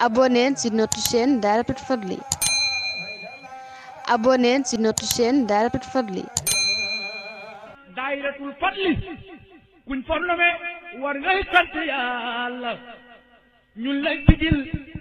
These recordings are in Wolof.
abonnez sur notre chaîne Dahiratoul Fadly abonnez sur notre chaîne Dahiratoul Fadly Dahiratoul Fadly kuñ fornome war ngay sant Yàlla ñun lay digil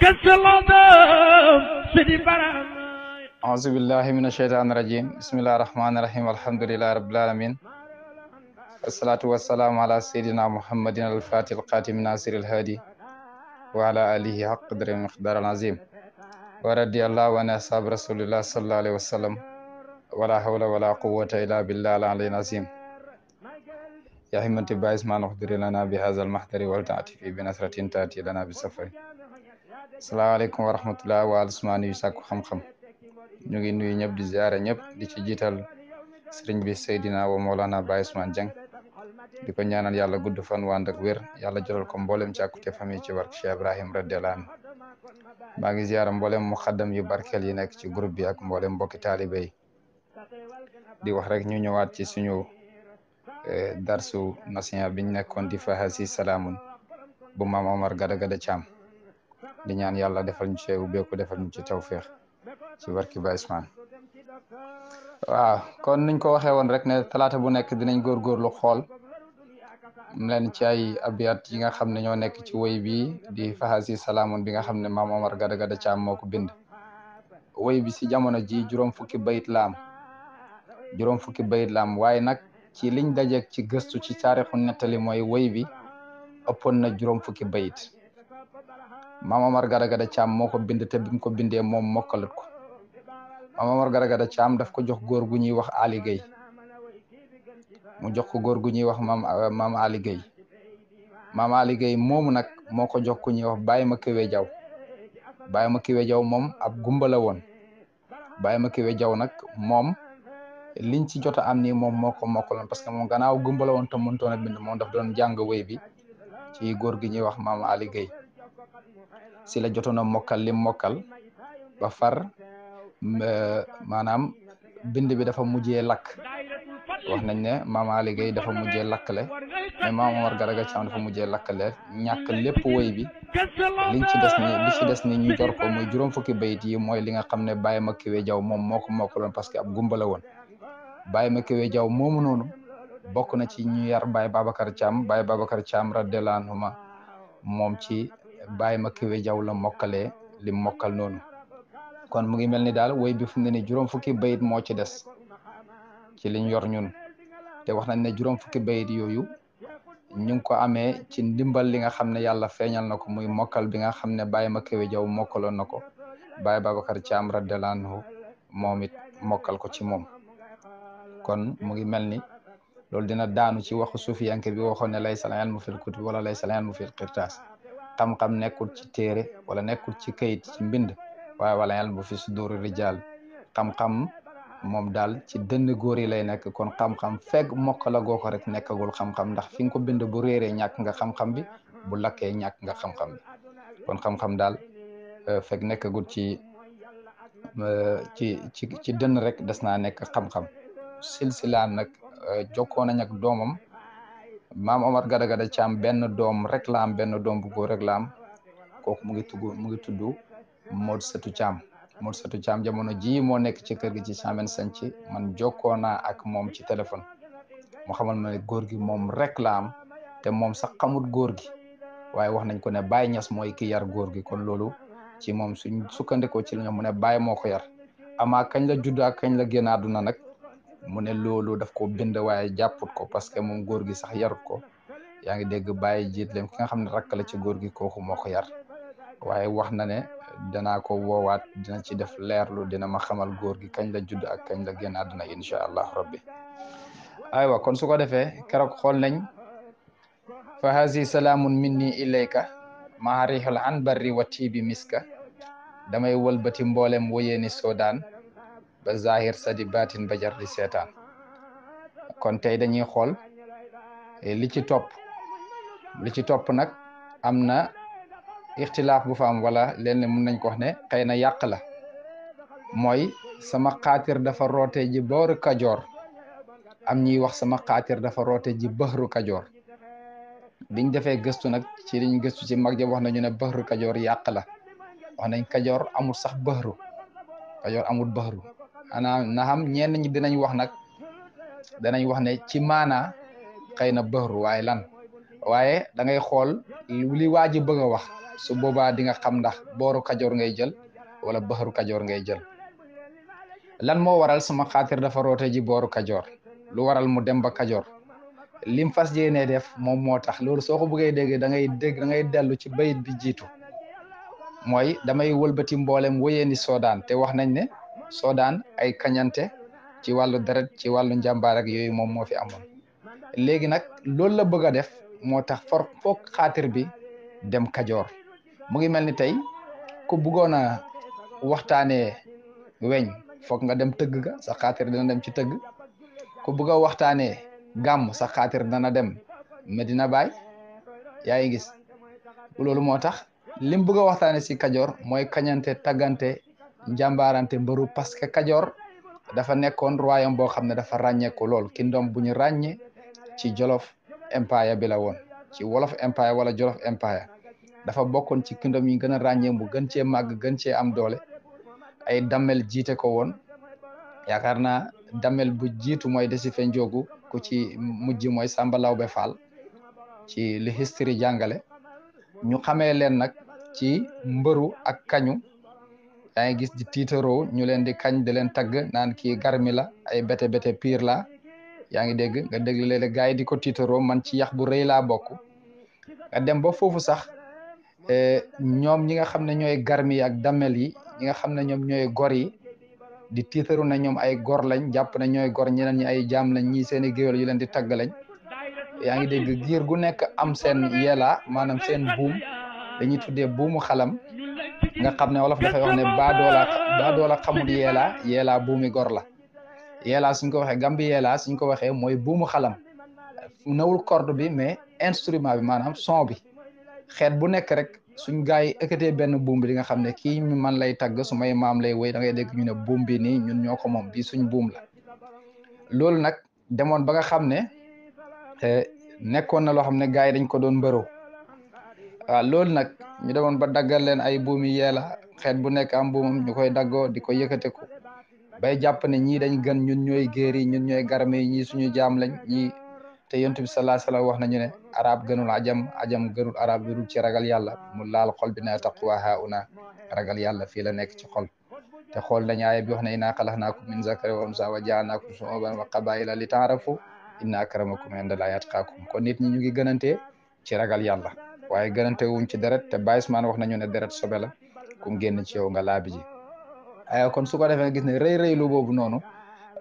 kasalodam sidi baram a'uuzu billahi minash shaytaanir rajiim bismillahir rahmaanir rahiim alhamdulillahi rabbil aalamiin wassalatu wassalamu ala sayyidina muhammadin al-fatih al-qatim nasir al-hadi وعلى آله حق قدر المقدار العظيم ورضي الله عن أصحاب رسول الله صلى الله عليه وسلم ولا حول ولا قوة إلا بالله العلي العظيم يا همة بايس ما نقدر لنا بهذا المحضر والتعتفي بنصرة تأتي لنا بسفر السلام عليكم ورحمة الله وعلى يساك خم خم ñu ngi nuyu ñëpp di ziare ñëpp di ci jiital sëriñ bi Seydina wa Mawlana Baye Ousmane Dieng di ko ñaanal yàlla gudd fan wànd ak wér yàlla jotal ko mboolem càkkute famille ci barke Cheikh Ibrahim radiyallahu anhu maa ngi ziyaara mboolem muxaddam yu barkeel yi nekk ci groupe bi ak mboolem mbokki taalibe yi di wax rek ñu ñëwaat ci suñu eh, darsu nasiha biñ nekkoon di fahasi salaamun bu maam Omar Gada Gada Caam di ñaan yàlla defal ñu ci ubbeeku defal ñu ci tawféex ci barki ba Ismaan waaw kon niñ ko waxe woon rek ne talaata bu nekk dinañ góorgóorlu xool leen ci ay abiyat yi nga xam ne ñoo nekk ci woy bi di faxasi salaamun bi nga xam ne maam Omar Gada Gada Caam moo ko bind woy bi ci jamono ji juróom fukki bayit laam juróom fukki bayit laam waaye nag ci liñ dajeeg ci gëstu ci taarixu nettali mooy woy bi ëppoon na juróom fukki bayit maam Omar Gada Gada Caam moo ko bind te bi mu ko bindee moom mokkalut ko maam Omar Gada Gada Caam daf ko jox góor gu ñuy wax Ali mu jox ko góor gu ñuy wax maam euh, maam Ali Gueye maam Ali Gueye moomu nag moo ko jox ku ñuy wax Baye Makiwe Jaw Baye Makiwe Jaw moom ab gumba la woon ma Makiwe Jaw nag moom liñ ci jot a am nii moom moo ko mokkaloon parce que moom gannaaw gumba la woon te mënutoon a bind moom daf doon jàng wéy bi ci góor gi ñuy wax maam Ali si la jotoon a mokkal lim mokkal ba far euh, maanaam bind bi dafa mujjee lakk wax nañ ne maam Ali dafa mujje lakkale mais maam Omar Garaga Thiam dafa mujjee lakkale ñàkk lépp woy bi liñ ci des ni li ci des ni ñu jor ko juróom fukki bayit yi mooy li nga xam ne Baye Makiwe Jaw moom moo ko mokkaloon parce que ab gumba la woon Baye Makiwe Jaw moomu noonu bokk na ci ñu yar bay Babacar kar Baye Babacar Thiam radiyallahu anhuma moom ci Baye Makiwe Jaw la mokkalee li mokkal noonu kon mu ngi mel ni daal woy bi fu mu ne juróom fukki bayit moo ci des ci liñ yor ñun te wax nañ ne juróom fukki bayit yooyu ñu ngi ko amee ci ndimbal li nga xam ne yàlla feeñal na ko muy mokkal bi nga xam ne Baye Makewe Jaw mokkaloon na ko Baye Babacar Thiam radiyallaahu anhu moom it mokkal ko ci moom kon mu ngi mel ni loolu dina daanu ci waxu suufiyanke bi waxoon ne laysal ilmu fil kutub wala laysal ilmu fil qirtaas xam nekkul ci téere wala nekkul ci kayit ci mbind waaye wala ilmu fi suduri rijal xam-xam moom daal ci dënn góor yi lay nekk kon xam-xam fekk mokk la goo ko rek nekkagul xam-xam ndax fi nga ko bind bu réeree ñàkk nga xam-xam bi bu lakkee ñàkk nga xam-xam kon xam-xam daal euh, feg nekkagul ci euh, ci ci ci dënn rek des naa nekk xam-xam silsilaan nag euh, jokkoo nañ ak doomam maam Omar Gada Gada Caam benn doom rek la am benn doom bu góor rek la am kooku mu ngi tudd mu ngi tudd Modou Sëtu Caam Moussatou Thiam jamono ji moo nekk ci kër gi ci Samen Santhie man jokkoo naa ak moom ci téléphone mu xamal ma ne góor gi moom rek la am te moom sax xamut góor gi waaye wax nañ ko ne Baye ñas mooy ki yar góor gi kon loolu ci moom suñ sukkandikoo ci la mu ne Baye moo ko yar amaa kañ la judd ak kañ la génn àdduna nag mu ne loolu daf ko bind waaye jàpput ko parce que moom góor gi sax yarut ko yaa ngi dégg Baye jiit leen ki nga xam ne rakk la ci góor gi kooku moo ko yar waaye wax ne danaa ko woowaat dina ci def leerlu dina ma xamal góor gi kañ la judd ak kañ la génn àdduna incha allah rabbi aywa kon su ko defee keroog xool nañ fa hazi salaamun minni ilayka maarihul an barri wa tiibi miska damay wëlbati mboolem woyeeni soodaan ba zahir sadi baatin ba jar di seetaan kon tey dañuy xool eh, li ci topp li ci topp nag am na ixtilaaf bu faam wala wala lenn mun nañ ko wax ne xëy na yàq la mooy sama xaatir dafa roote ji kajoor am ñuy wax sama xaatir dafa roote ji bëxru kajoor biñ defee gëstu nag ci liñ gëstu ci mag je wax nañu ne bëxru kajoor yàq la wax nañ kajoor amul sax bëxru kajoor amul bëxru ana na xam ñenn ñi dinañ wax nag danañ wax ne ci maanaa xëy na bëxru waaye lan waaye dangay xool li waa ji bëgg a wax su boobaa di nga xam ndax booru kajoor ngay jël wala baxaru kajoor ngay jël lan moo waral sama xaatir dafa ji booru kajoor lu waral mu dem ba kajoor lim fas yéenee def moom moo tax loolu soo ko bëggee dégg da ngay dégg da dellu ci bayit bi jiitu mooy damay wëlbati mboolem wóyeeni soodaan te wax nañ ne soodaan ay kañante ci wàllu deret ci wàllu njàmbaar ak yooyu moom moo fi amoon léegi nag loolu la bëgg a def moo tax for foog bi dem kajoor mu ngi mel ni tey ku bëggoon a waxtaanee weñ foog nga dem tëgg ka sa xaatir dem ci tëgg ku bëgg a waxtaanee gàmm sa xaatir dana dem Medina Baye yaa ngi gis loolu moo tax lim bëgg a waxtaane si kajoor mooy kañante taggante njàmbaarante mbëru parce que kajoor dafa nekkoon royaume boo xam ne dafa ràññeeku lool kingdom bu ñu ràññee ci Jolof empire bi la woon ci Wolof empire wala Jolof empire dafa bokkoon ci kingdom yi gën a ràññee mu gën cee màgg gën cee am doole ay dammel jiite ko woon yaakaar naa dammel bu jiitu mooy Desife Njoogu ku ci mujj mooy sambalaw Lawbe Fall ci li history jàngale ñu xamee leen nag ci mbëru ak kañu yaa ngi gis di tiitaroo ñu leen di kañ di leen tagg naan kii garmi la ay bete bete piir la yaa ngi dégg nga déglu léeg-léeg gars yi di ko tiitaroo man ci yax bu rëy laa bokk nga dem ba foofu sax Eh, ñoom ñi nga xam ne ñooy garmi ak dammel yi ñi nga xam ne ñoom ñooy gor yi di tiitaru na ñoom ay gor lañ jàpp na ñooy gor ñeneen ñi ay jaam lañ ñii seen i géwél yu leen di tagg lañ yaa ngi dégg giir gu nekk am seen yelaa maanaam seen buum dañuy tuddee buumu xalam nga xam ne wolof dafay wax ne baadoola baadoola xamul yeelaa yeelaa buumi gor la yeelaa suñ ko waxee gambi yeelaa suñ ko waxee mooy buumu xalam nawul corde bi mais instrument bi maanaam son bi xeet bu nekk rek suñ gars yi ekkatee benn buum bi nga xam ne kii man lay tagg su may maam lay woy da ngay dégg ñu ne buum bi nii ñun ñoo ko moom bii suñ buum la loolu nag demoon ba nga xam ne eh, nekkoon na loo xam ne gars yi dañ ko doon mbëroo waaw ah, loolu nag ñu demoon ba daggal leen ay buumi yeela xeet bu nekk am buumam ñu koy daggoo di ko ko bay jàpp ne ñii dañ gën ñun ñooy géer yi ñun ñooy garame yi ñii suñu jaam lañ ñii te yontu bi salaa salaam wax nañu ne arab gënul ajam ajam gënul arab lu dul ci ragal yàlla mu laal xol bi na taqwa hauna ragal yàlla fii la nekk ci xol te xool nañ aaya bi wax ne inna xalaxnaakum min zakari wa unsa wa jaalnaakum shuuban wa qabaila li taarafu inna akramakum inda laahi atqaakum kon nit ñi ñu ngi gënante ci ragal yàlla waaye gënante wuñ ci deret te Baye Ousmane wax nañu ne deret sobe la kum génn ci yow nga laabi ji ay kon su ko defee nga gis ne rëy rëy lu boobu noonu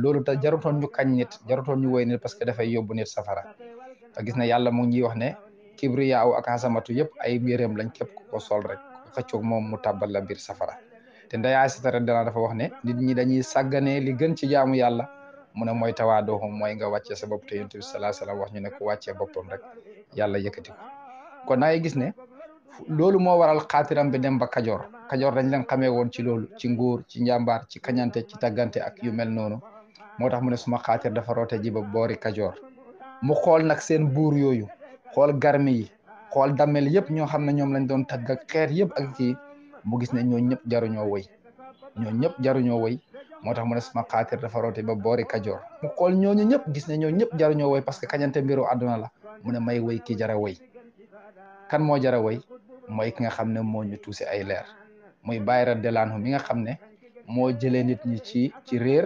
loolu te jarutoon ñu kañ nit jarutoon ñu woy nit parce que dafay yóbbu nit safara te gis na yàlla mu ngi wax ne kibriya aw ak xasamatu yëpp ay biireem lañ képp ku ko sol rek ku xëccoog moom mu tabal la biir safara te ndeyaa si tara dafa wax ne nit ñi dañuy sàgganee li gën ci jaamu yàlla mu ne mooy tawaadoxum mooy nga wàccee sa bopp te yonent bi salaa salaam wax ñu ne wàccee boppam rek yàlla yëkkati kon da ngay gis ne loolu moo waral xaatiram bi dem ba kajoor kajoor dañ leen xamee woon ci loolu ci nguur ci njàmbaar ci kañante ci tàggante ak yu mel noonu moo tax mu ne suma xaatir dafa roote ji ba boori kajoor mu xool nag seen buur yooyu xool garmi yi xool dammel yëpp ñoo xam ne ñoom lañ doon tagg ak xeet yëpp ak kii mu gis ne ñoo ñëpp jaruñoo woy ñoo ñëpp jaruñoo woy moo tax mu ne suma xaatir dafa rooti ba boori kajoor xool ñooñu ñëpp gis ne ñoo ñëpp jaruñoo woy parce que kañante mbiru àdduna la mu ne may woy ki jara woy kan moo jara woy mooy ki nga xam ne moo ñu tuusi ay leer muy bàyyi raddelaan mi nga xam ne moo jëlee nit ñi ci ci réer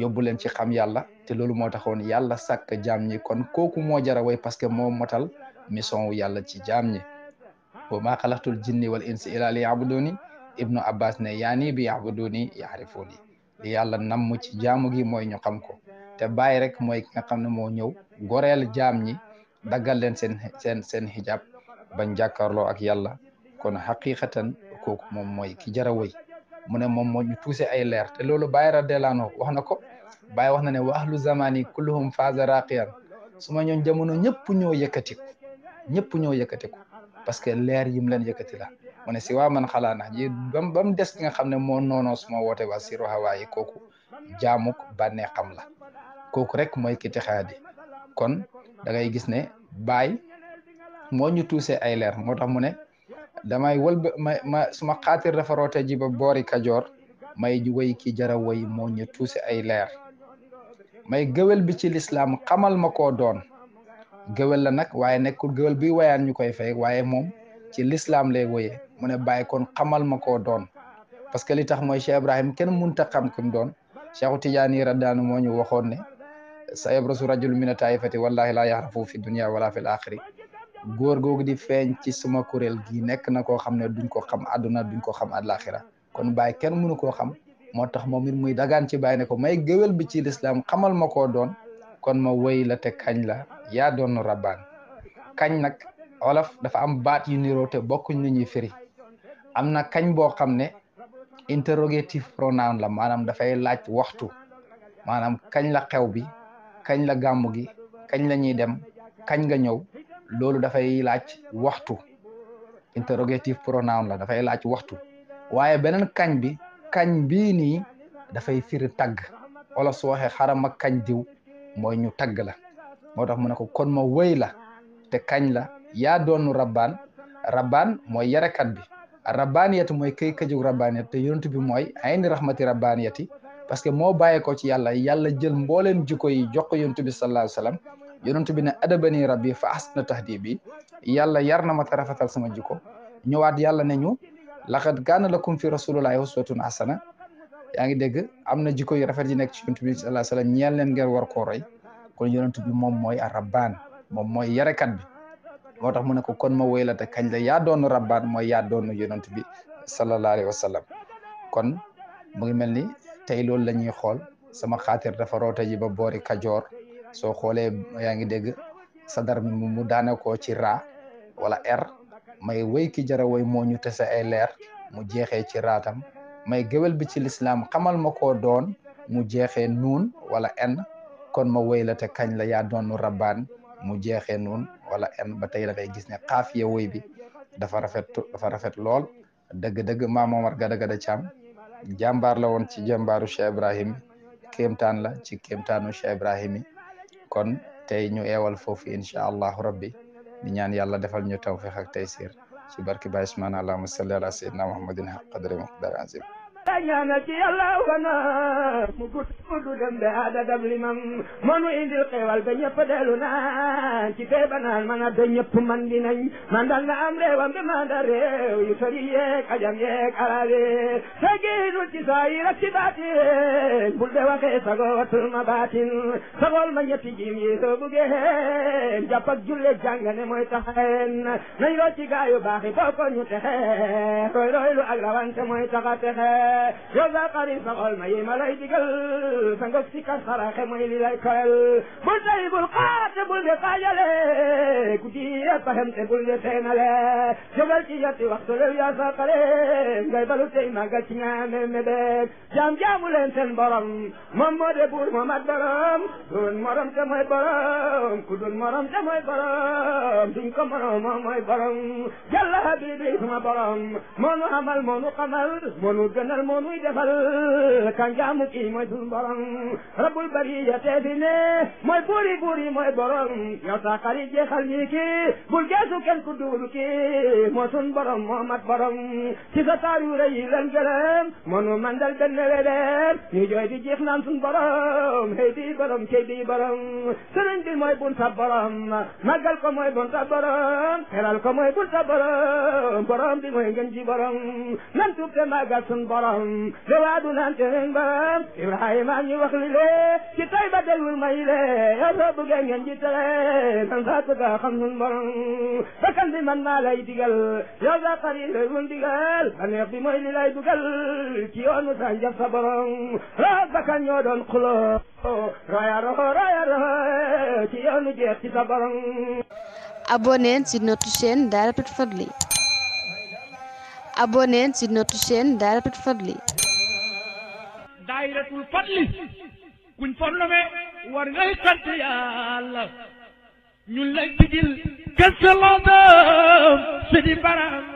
yóbbu leen ci xam yàlla te loolu moo taxoon yàlla sàkk jaam ñi kon kooku moo jara parce que moo motal mission wu yàlla ci jaam ñi wa maa xalaqtul jinni wal insi illa li yabuduni ibnu abbas ne yaani bi yabuduni yaarifuni li yàlla namm ci jaamu gi mooy ñu xam ko te bàyyi rek mooy ki nga xam ne moo ñëw goreel jaam ñi daggal leen seen seen seen hijab bañ jàkkaarloo ak yàlla kon xaqiqatan kooku moom ki jara way ne moom moo ñu tuuse ay leer te loolu bàyyi ra deelaanoo ko bàyyi wax na ne wa ahlu zamani kulluhum faza raqiyan su ma ñoon jamono ñëpp ñoo yëkkatiku ñëpp ñoo yëkkatiku parce que leer yim leen yëkkati la mu si waa man xalaa na ji bam ba mu des ki nga xam ne moo noonoo suma woote waa siru hawaa yi kooku jaamuk bànnee xam la kooku rek mooy ki texaadi kon da ngay gis ne baay moo ñu tuusee ay leer moo tax mu ne damay wëlba ma suma xaatir dafa roote ji ba boori kajoor may ji woy ki jara woy moo ñu ay leer may géwél bi ci lislaam xamal ma koo doon géwél la nag waaye nekkul géwél bi wayaan ñu koy fay waaye moom ci lislaam lay woyee mu ne bàyyi kon xamal ma koo doon parce que li tax mooy Cheikh Ibrahim ken mun xam ku mu doon Cheikhu Tijaani raddaanu moo ñu waxoon ne sa yabrasu rajulu mina taifati wallahi laa yaxrafu fi dunia wala fi l axiri góor googu di feeñ ci suma kuréel gi nekk na koo xam ne duñ ko xam àdduna duñ ko xam àllaaxira kon bàyyi kenn mënu koo xam moo tax moom it muy dagaan ci bàyyi ne ko may géwél bi ci lislaam xamal ma koo doon kon ma woy la te kañ la yaa doon rabaan kañ nag wolof dafa am baat yu niroote bokkuñ lu ñuy firi am na kañ boo xam ne interrogative pronoun la maanaam dafay laaj waxtu maanaam kañ la xew bi kañ la gàmmu gi kañ la ñuy dem kañ nga ñëw loolu dafay laaj waxtu interrogative pronoun la dafay laaj waxtu waaye beneen kañ bi kañ bii nii dafay firi tagg wala su waxee xarama kañ diw mooy ñu tagg la moo tax mu ne ko kon ma wëy la te kañ la yaa doonu rabbaan rabbaan mooy yarekat bi rabbaaniyati mooy këy këjug rabbaaniyati te yonent bi mooy ayni rahmati rabbaaniyati parce que moo bàyyee ko ci yàlla yàlla jël mbooleem jikko yi jox ko yonent bi sallallahu alayhi wa sallam yonent bi ne adabani rabbi fa ahsana tahdibi yàlla yar na ma te rafetal sama jikko ñëwaat yàlla ne ñu laqad kaana lakum fi rasulillahi uswatun hasana yaa ngi dégg am na jikko yu rafet yi nekk ci yonent bi sallallahu alayhi wasallam leen ngeen war koo roy kon yonent bi moom mooy a rabbaan moom mooy yarekat bi moo tax mu ne ko kon ma woy la te kañ la yaa doon rabbaan mooy yaa doon yonent bi sallallahu alayhi wasallam kon mu ngi mel ni tey loolu la xool sama xaatir dafa roote ji ba boori kajoor soo xoolee yaa ngi dégg sadar mi mu daane ko ci ra wala r may woy ki jara woy moo ñu tese ay leer mu jeexee ci raatam may géwél bi ci lislaam xamal ma ko doon mu jeexee nuun wala en kon ma woy la te kañ la yaa doonu rabbaan mu jeexee nuun wala en ba tey da ngay gis ne xaafiya woy bi dafa rafet dafa rafet lool dëgg-dëgg ma Omar Gada Gada Caam jàmbaar la woon ci jàmbaaru Cheikh Ibrahim kéemtaan la ci kéemtaanu Cheikh Ibrahim yi kon te ñu eewal foofu incha allahu rabbi di ñaan yàlla defal ñu tawfiq ak taysir ci barki Baay Usmaan allahumma salli ala sayyidina muhammadin haq qadri muqdar azim ñaana ci yàlla a da na am réewam bi man da réew yu sori yeeg ajam yeeg alale sa géinul ci saayir ak ci baatin bul de waxee sago watul ma baatin sagool ma ñetti jiim yi soo buggee leen jàpp ak julle jàngane mooy taxeen nañ roy ci gaayu baax yi bokko ñu texe roy roylu ak rawante mooy taxa texe yow sa xarit sa xol ma yi ma lay digal sa ngok si kar xaraxe mooy li lay koyal bul tay bul xaate bul de xaajale ku diye paxem te bul de seenale jógal ci yetti waxtu lew yaa sa ngay balu tey màggal ci ñaame mébét jaam jaamu leen seen borom moom moo de buur moom ak borom dun morom te mooy borom ku dun morom borom te mooy borom suñ ko borom moom mooy borom jàlla habibi sama borom moo nu amal moo nu xamal moo nu gënal moo nuy defal kan jaamu kii mooy suñ borom rabbul bariya te fi ne mooy buuri buuri mooy borom yow sa xarit jeexal ñii kii bul geesu ku duul kii moo suñ borom moo borom ci sa taar yu rëy yi lan gërëm moo nu mandal benn wedeen ñu jooy di jeex naan suñ borom xëy di borom cey di borom sëriñ bi mooy bun sa borom borom màggal ko mooy bunta borom xelal ko mooy bunta borom borom bi mooy ngën ji borom nan tuub te màggal sun borom de waadu naan te neen borom Ibrahima ñu wax li le ci tay ba dayul may le yow soo bëggee ngeen ji tere man saa bëgga xam sun borom bakkan bi man maa lay digal yow saa xari lay wun digal baneex bi mooy li lay dugal ci yoonu sa njab sa borom roog bakkan ñoo doon xuloo abonnez sur notre chaîne Dahiratoul Fadly abonnez sur notre chaîne Dahiratoul Fadly war ngay sant Yàlla ñun lay digil gëstaloon sidi baram